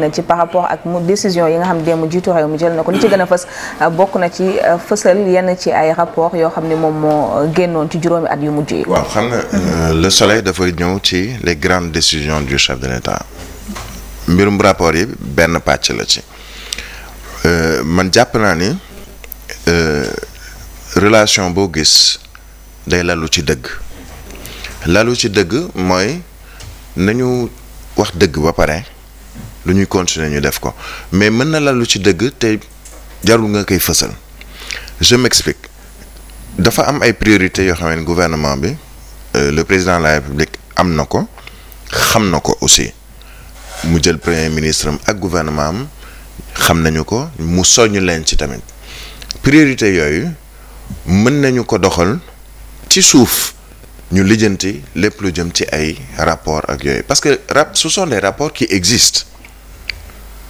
na ci par rapport ak mu décision yi nga xam démb jiitu réew mi jël na ko li ci gën a fës euh, bokk na ci euh, fësal yenn ci ay rapport yoo xam ne moom moo génnoon ci juróomi at yu mujj yi waaw xam nga euh, le soleil dafay ñëw ci les grandes décisions du chef de l'État mbirum rapport yi benn pàcc la ci man jàpp naa ni relation boo gis day lalu ci dëgg lalu ci dëgg mooy nañu wax dëgg ba pare lu ñuy continuer ñu def ko mais mën na la lu ci dëgg te jarul nga koy fësal je m'explique dafa am ay priorités yoo xam gouvernement bi euh, le président de la république am na ko xam na ko aussi mu jël premier ministre am ak gouvernement am xam nañu ko mu soññ leen ci tamit priorité yooyu mën nañu ko doxal ci suuf ñu lijjanti lépp lu jëm ci ay rapport ak yooyu parce que rap ce sont des rapports qui existent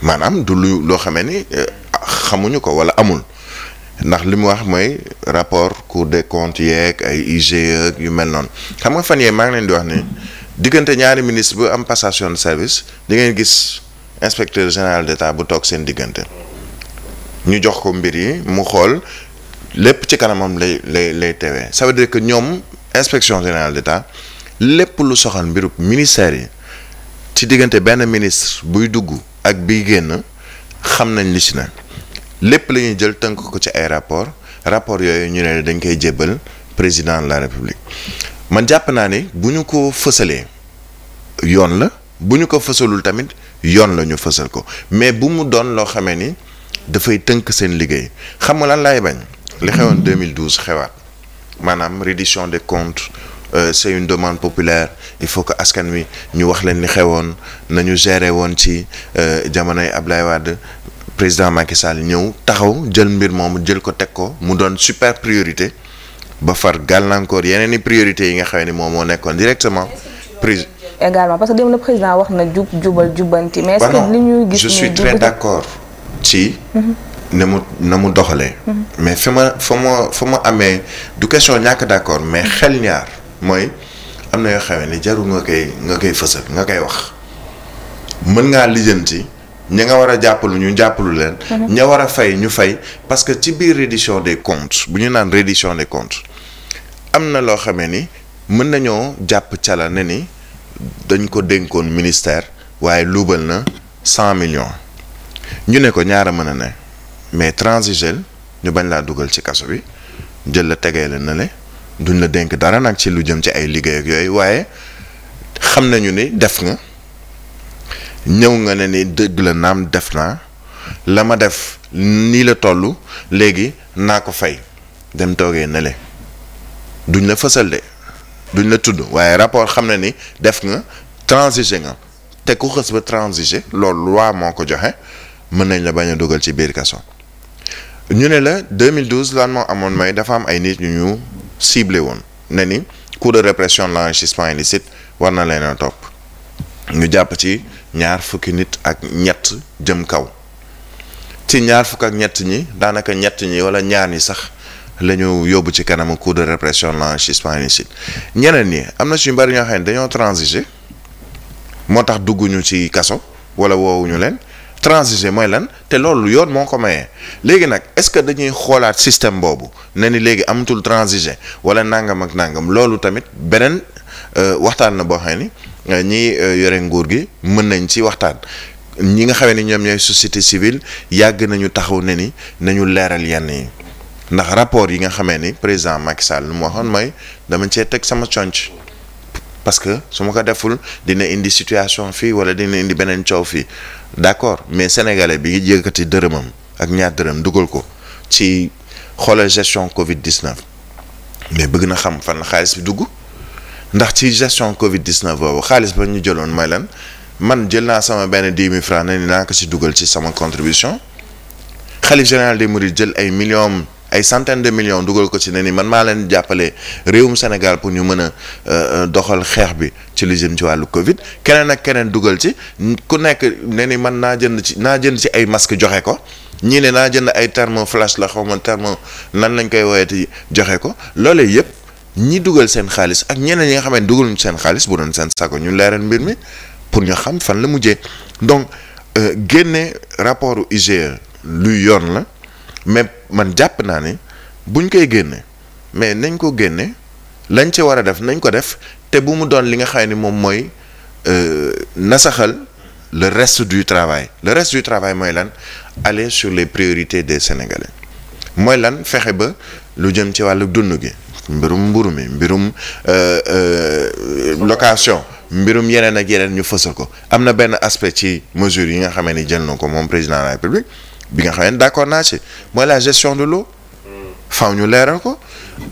maanaam du lu loo xamee ni euh, xamuñu ko wala amul ndax li mu wax mooy rapport cour des comptes yeeg ay IGE yu mel noonu xam nga fan yee maa ngi leen di wax ni diggante ñaari ministre bu am passation de service di ngeen gis inspecteur général d'État bu toog seen diggante ñu jox ko mbir yi mu xool lépp ci kanamam lay lay lay tewee ça veut ñoom inspection général d'État lépp lu soxal mbiru ministère yi ci diggante benn ministre buy dugg ak biy génn xam nañ li ci na lépp lañuy jël tënk ko ci ay rapport rapport yooyu ñu ne dañ koy jébbal président la république man jàpp naa ne bu ñu ko fësalee yoon la bu ñu ko fësalul tamit yoon la ñu fësal ko mais bu mu doon loo xamee ni dafay tënk seen liggéey xam nga lan laay bañ li xewoon 2012 xewaat maanaam reddition des comptes Euh, c'est une demande populaire il faut que askan wi ñu wax leen ni xewoon nañu gérer woon ci euh, jamonoy Ablaye Wade président Macky Sall ñëw taxaw jël mbir moomu jël ko teg ko mu doon super priorité ba far gàllankoor yeneen i priorité yi nga xam ni moom moo nekkoon directement prise également parce que dem le président wax na jub jubal jubanti. mais est-ce que li ñuy gis je suis très mhm. na mu na mu doxalee. Mhm. mais fi ma fa ma fa ma amee du question ñàkk d'accord mais xel ñaar. mooy am na yoo xamee ni jarul nga koy nga koy fësal nga koy wax mën ngaa lijjanti ña nga war a jàppalu ñu jàppalu leen. Mhm. ña war a fay ñu fay parce que ci biir reddition des comptes bu ñu naan reddition des comptes am na loo xamee ni mën nañoo jàpp cala ne ni dañ ko dénkoon ministère waaye luubal na cent million ñu ne ko ñaara mën a ne mais transigel ñu bañ laa dugal ci kaso bi jël la tegee la ne duñ la dénk dara nag ci lu jëm ci ay liggéey yooyu waaye xam nañu ni def nga ñëw nga ne ni dëgg la naam def naa la ma def nii la toll léegi naa ko fay dem toogee na duñ la fësal de duñ la tudd waaye rapport xam na ni def nga transiger nga te ku xës ba transiger loolu waa moo ko joxe mën nañ la bañ a dugal ci biir kaso ñu ne la 2012 lan moo amoon may dafa am ay nit ñu ñu ciblé woon ne ni cours de répression de l'enrichissement illicite war na leen a topp ñu jàpp ci ñaar fukki nit ak ñett jëm kaw ci ñaar fukk ak ñett ñi daanaka ñett ñi wala ñaar ñi sax lañu ñu yóbbu ci kanam cours de répression de l'enrichissement illicite ñeneen ñi am na suñu bari ñoo xam ne dañoo transiger moo tax dugguñu ci kaso wala woowuñu leen transiger mooy lan te loolu yoon moo ko mayee léegi nag est-ce que dañuy xoolaat système boobu ne ni léegi amatul transiger wala nangam ak nangam loolu tamit beneen euh, waxtaan na boo xam ni euh, ñi euh, yore nguur gi mën nañ ci waxtaan ñi nga xamee ni ñoom ñooy société civile yàgg nañu taxaw ne ni nañu leeral yenn yi ndax rapport yi nga xamee ni président Macky Sall lu mu waxoon mooy dama cee teg sama conc parce que su ma ko deful dina indi situation fii wala dina indi beneen coow fii d'accord mais sénégalais bi ngi yëkkati dërëmam ak ñaar dërëm dugal ko ci xoolal gestion Covid 19 mais bëgg na xam fan la xaalis bi dugg ndax ci gestion Covid 19 boobu xaalis ba ñu jëloon may lan man jël naa sama benn dix mille francs ne naa ko ci dugal ci sama contribution xalif général des mourides jël ay million ay centaines de millions dugal ko ci ne ni man maa leen jàppale réewum Sénégal pour ñu mën a euh, euh, doxal xeex bi ci li jëm ci wàllu Covid keneen ak keneen dugal ci ku nekk ne ni man naa jënd ci naa jënd ci ay masques joxe ko ñii ne naa jënd ay thermo flash la xaw ma thermo nan lañ koy woyati joxe ko loole yëpp ñi dugal seen xaalis ak ñeneen ñi nga xam ne dugaluñ seen xaalis bu doon seen sago ñu leeral mbir mi pour ñu xam fan la mujjee donc euh, génne rapport IGE luy yoon la. mais man jàpp naa ne buñ koy génne mais nañ ko génne lañ ci war a def nañ ko def te bu mu doon li nga xam ni moom mooy euh, nasaxal le reste du travail le reste du travail mooy lan aller sur les priorités des sénégalais mooy lan fexe ba lu jëm ci wàllu dund gi mbirum mburu mi mbirum euh, euh, location mbirum yeneen ak yeneen ñu fësal ko am na benn aspect ci mesure yi nga xamee ni jël na ko moom président de la république bi nga xam ne d'accord naa ci mooy la gestion de l'eau faw ñu leeral ko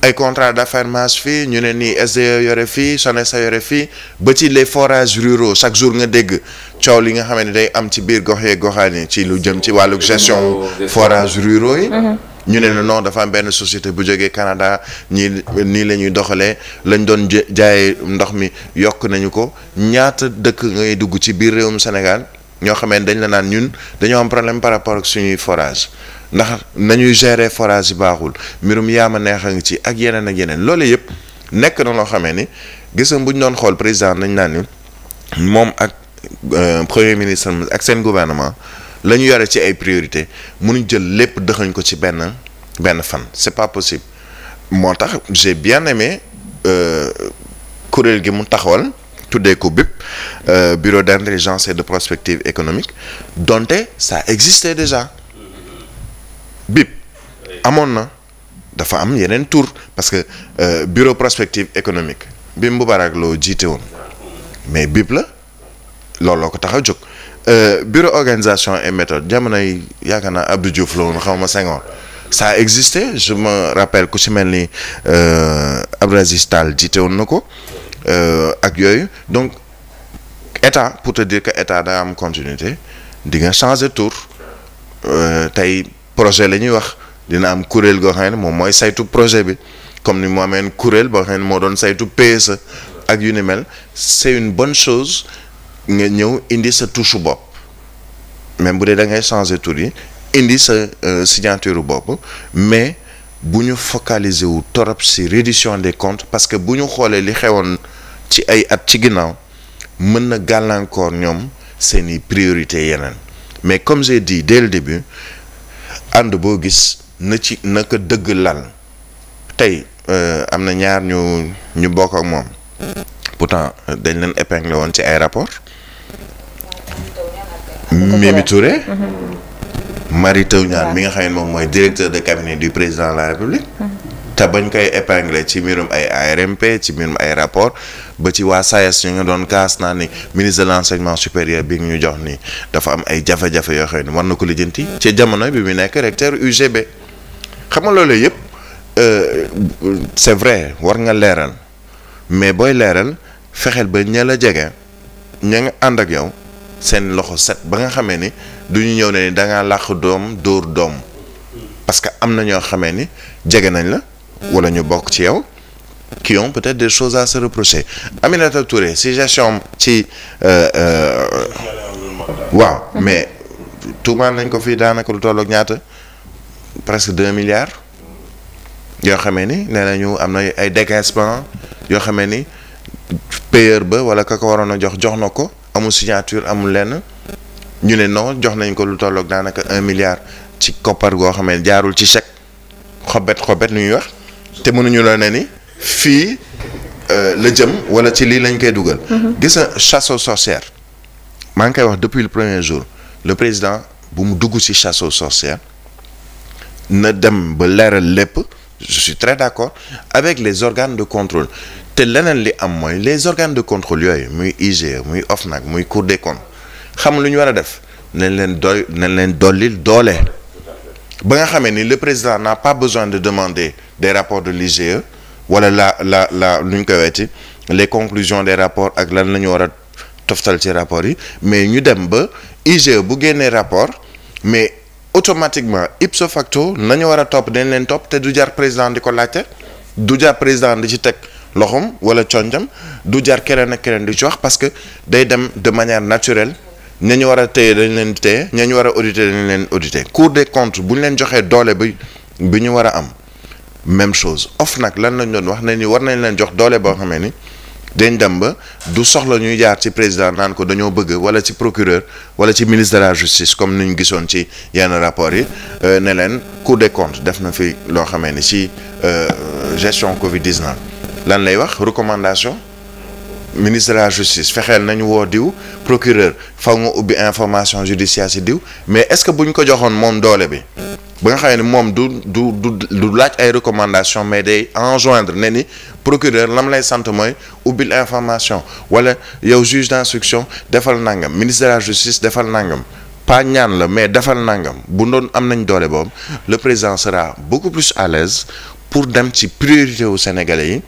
ay contrat d'affermage fii ñu ne nii SDE yore fii sa yore fii ba ci les forages ruraux chaque jour nga dégg coow li nga xam ne day am ci biir gox yee goxaan yi ci lu jëm ci wàllu gestion forages ruraux yi mhm. ñu ne non dafa am benn société bu jógee Canada ñii nii la ñuy doxalee lañ doon jaaye ndox mi yokk nañu ko ñaata dëkk ngay dugg ci biir réewum Sénégal ñoo xamee dañ la naan ñun dañoo am problème par rapport ak suñuy forage ndax nañuy gérer forage yi baaxul mbirum yaama neex a ngi ci ak yeneen ak yeneen loolu yëpp nekk na loo xamee ni gis nga bu ñu doon xool président nañ naan ni moom ak euh, premier ministre ak seen gouvernement la ñu yore ci ay priorité mënuñ jël lépp dëxañ ko ci benn benn fan c'est pas possible moo tax j'ai bien aimé euh, kuréel gi mu taxawal tuddee ko BIP euh, bureau d'intelligence et de prospective économique donte ça existait déjà BIP amoon na dafa am yeneen tour parce que euh, bureau prospective économique bi Moubarak loo jiite woon mais BIP la looloo ko tax a jóg euh, bureau organisation et méthode jamonoy yaakaar naa Abdou Diouf la woon xaw ma Senghor ça existait je me rappelle ku si mel ni euh, Abdou Aziz jiite woon na ko. Euh, ak yooyu donc état pour te dire que état daa am continuité di nga changer tour euh, tey projet la ñuy wax dina am kuréel goo xam ne moom mooy saytu projet bi comme ni mu amee kuréel boo xam ne moo doon saytu PSE ak yu ni mel c'est une bone chose nga ñëw indi sa touche bopp même bu dee da ngay changer tour yi indi sa euh, signature bopp mais bu ñu focaliser wu torop si réduction des comptes parce que bu ñu xoolee li xewoon ci ay at ci ginnaaw mën na gàllankoor ñoom seeni priorité yeneen mais comme j'ai di dès le début ànd boo gis na ci na ko dëgg lal tey euh, am na ñaar ñu ñu bokk ak moom pourtant dañ leen épinglé woon ci ay rapport Mimi Touré mm-hmm. Mary Teuw Niane mi nga xam ne moom mooy directeur de cabinet du président de la République mm-hmm. te bañ koy épingler ci mbirum ay ARMP ci mbirum ay rapport ba ci waa SAES yu e nga doon kaas naa ni ministre de l' enseignement supérieur bi ñu jox nii dafa am ay jafe-jafe yoo xam ne war na ko lijjanti ci jamono bi mu nekk recteur UGB xam nga loolu yëpp euh, c' est vrai war nga leeral mais booy leeral fexeel ba ña la jege ña nga ànd ak yow seen loxo set ba nga xamee ni du ñu ñëw ne ni da ngaa làq doom dóor doom parce que am na ñoo xamee ni jege nañ la. wala ñu bokk ci yow qui peut-être des choses à se reprocher Aminata toure si gestion ci. Euh, euh, waaw mais tuumaan nañ ko fii daanaka lu tollook ñaata presque deux milliards yoo xamee ni nee nañu am na ay décaissement yoo xamee ni payeur ba wala ka waroon a jox jox na ko amul signature amul lenn ñu ne non jox nañ ko lu tollook daanaka un milliard ci koppar goo xamee jaarul ci cheque xobet xobet lu ñuy wax. te mënuñu la ne ni fii euh, la jëm wala ci lii lañ koy dugal. Mhm. gis na chasse aux maa ngi koy wax depuis le premier jour le président bu mu dugg ci chasse aux na dem ba leeral lépp je suis très d'accord avec les organes de contrôle te leneen li am mooy les organes de contrôle yooyu muy IGE muy nag muy Cour des comptes xam lu ñu war a def nañ leen doy nañ leen dollil doole. ba nga xamee ni le président n'a pas besoin de demander des rapports de l'IGE wala la la la lu ñu koy weeti les conclusions des rapport ak lan la ñu war a toftal ci rapport yi mais ñu dem ba IGE bu génnee rapport mais automatiquement ipso facto nañu war a topp dañ leen topp te du jar président di ko laajte du jar président di ci teg loxoom wala coñjam du jar keneen ak keneen di ci wax parce que day dem de manière naturelle ñañu war a téye dañ leen téye ñañu war a auditer dañ leen auditer cour des comptes buñ leen joxee doole bi bi ñu war a am même chose OFNAC lan lañ doon wax ne ni war nañ leen jox doole boo xamee ni dañ dem ba du soxla ñuy jaar ci président naan ko dañoo bëgg wala ci procureur wala ci ministre de la justice comme ni ñu gisoon ci yenn rapport yi euh, ne leen cour de comptes def na fi loo xamee ni ci euh, gestion Covid 19 lan lay wax recommandation. ministre de la justice fexeel nañu woo diw procureur faw nga ubbi information judiciaire ci diw mais est-ce que bu ñu ko joxoon moom doole bi ba nga xamee ne moom du du du du laaj ay recommandation mais day enjoindre ne ni procureur lam lay sant mooy ubbil information wala yow juge d'instruction defal nangam ministre de la justice defal nangam pas ñaan la mais defal nangam bu doon am nañ doole boobu le président sera beaucoup plus à l'aise pour dem ci priorité wu sénégalais yi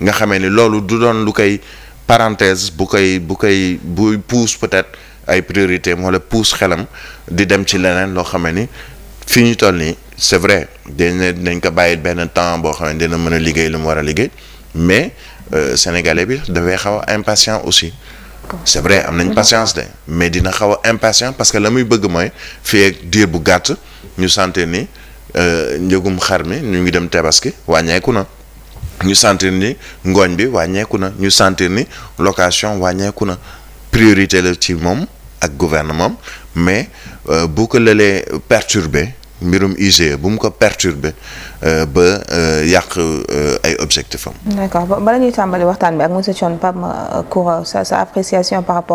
nga xamee ni loolu du doon lu koy parenthèse bu koy bu koy buy pousse peut-être ay priorité wala pousse xelam di dem ci leneen loo xam ni fi ñu toll nii c'est vrai dinañ dinañ ko bàyyi benn temps boo xam ne dina mën a liggéey lu mu war a liggéey mais euh, sénégalais bi dafay xaw a impatient aussi. c'est vrai am nañ patience de mais dina xaw a impatient parce que la muy bëgg mooy fii ak diir bu gàtt ñu sentir ni euh, njëgum xar mi ñu ngi dem tabaski wàññeeku na. ñu sentir ni ngooñ bi wàññeeku na ñu sentir ni location wàññeeku na priorité la ci moom ak gouvernement mais euh, bu ko lëlee perturbé mbirum IGE bu mu ko perturbé euh, ba euh, yàq ay objectif am. d'accord bala ñuy tàmbali waxtaan bi ak monsieur Thion Pape Koura sa sa appréciation par rapport.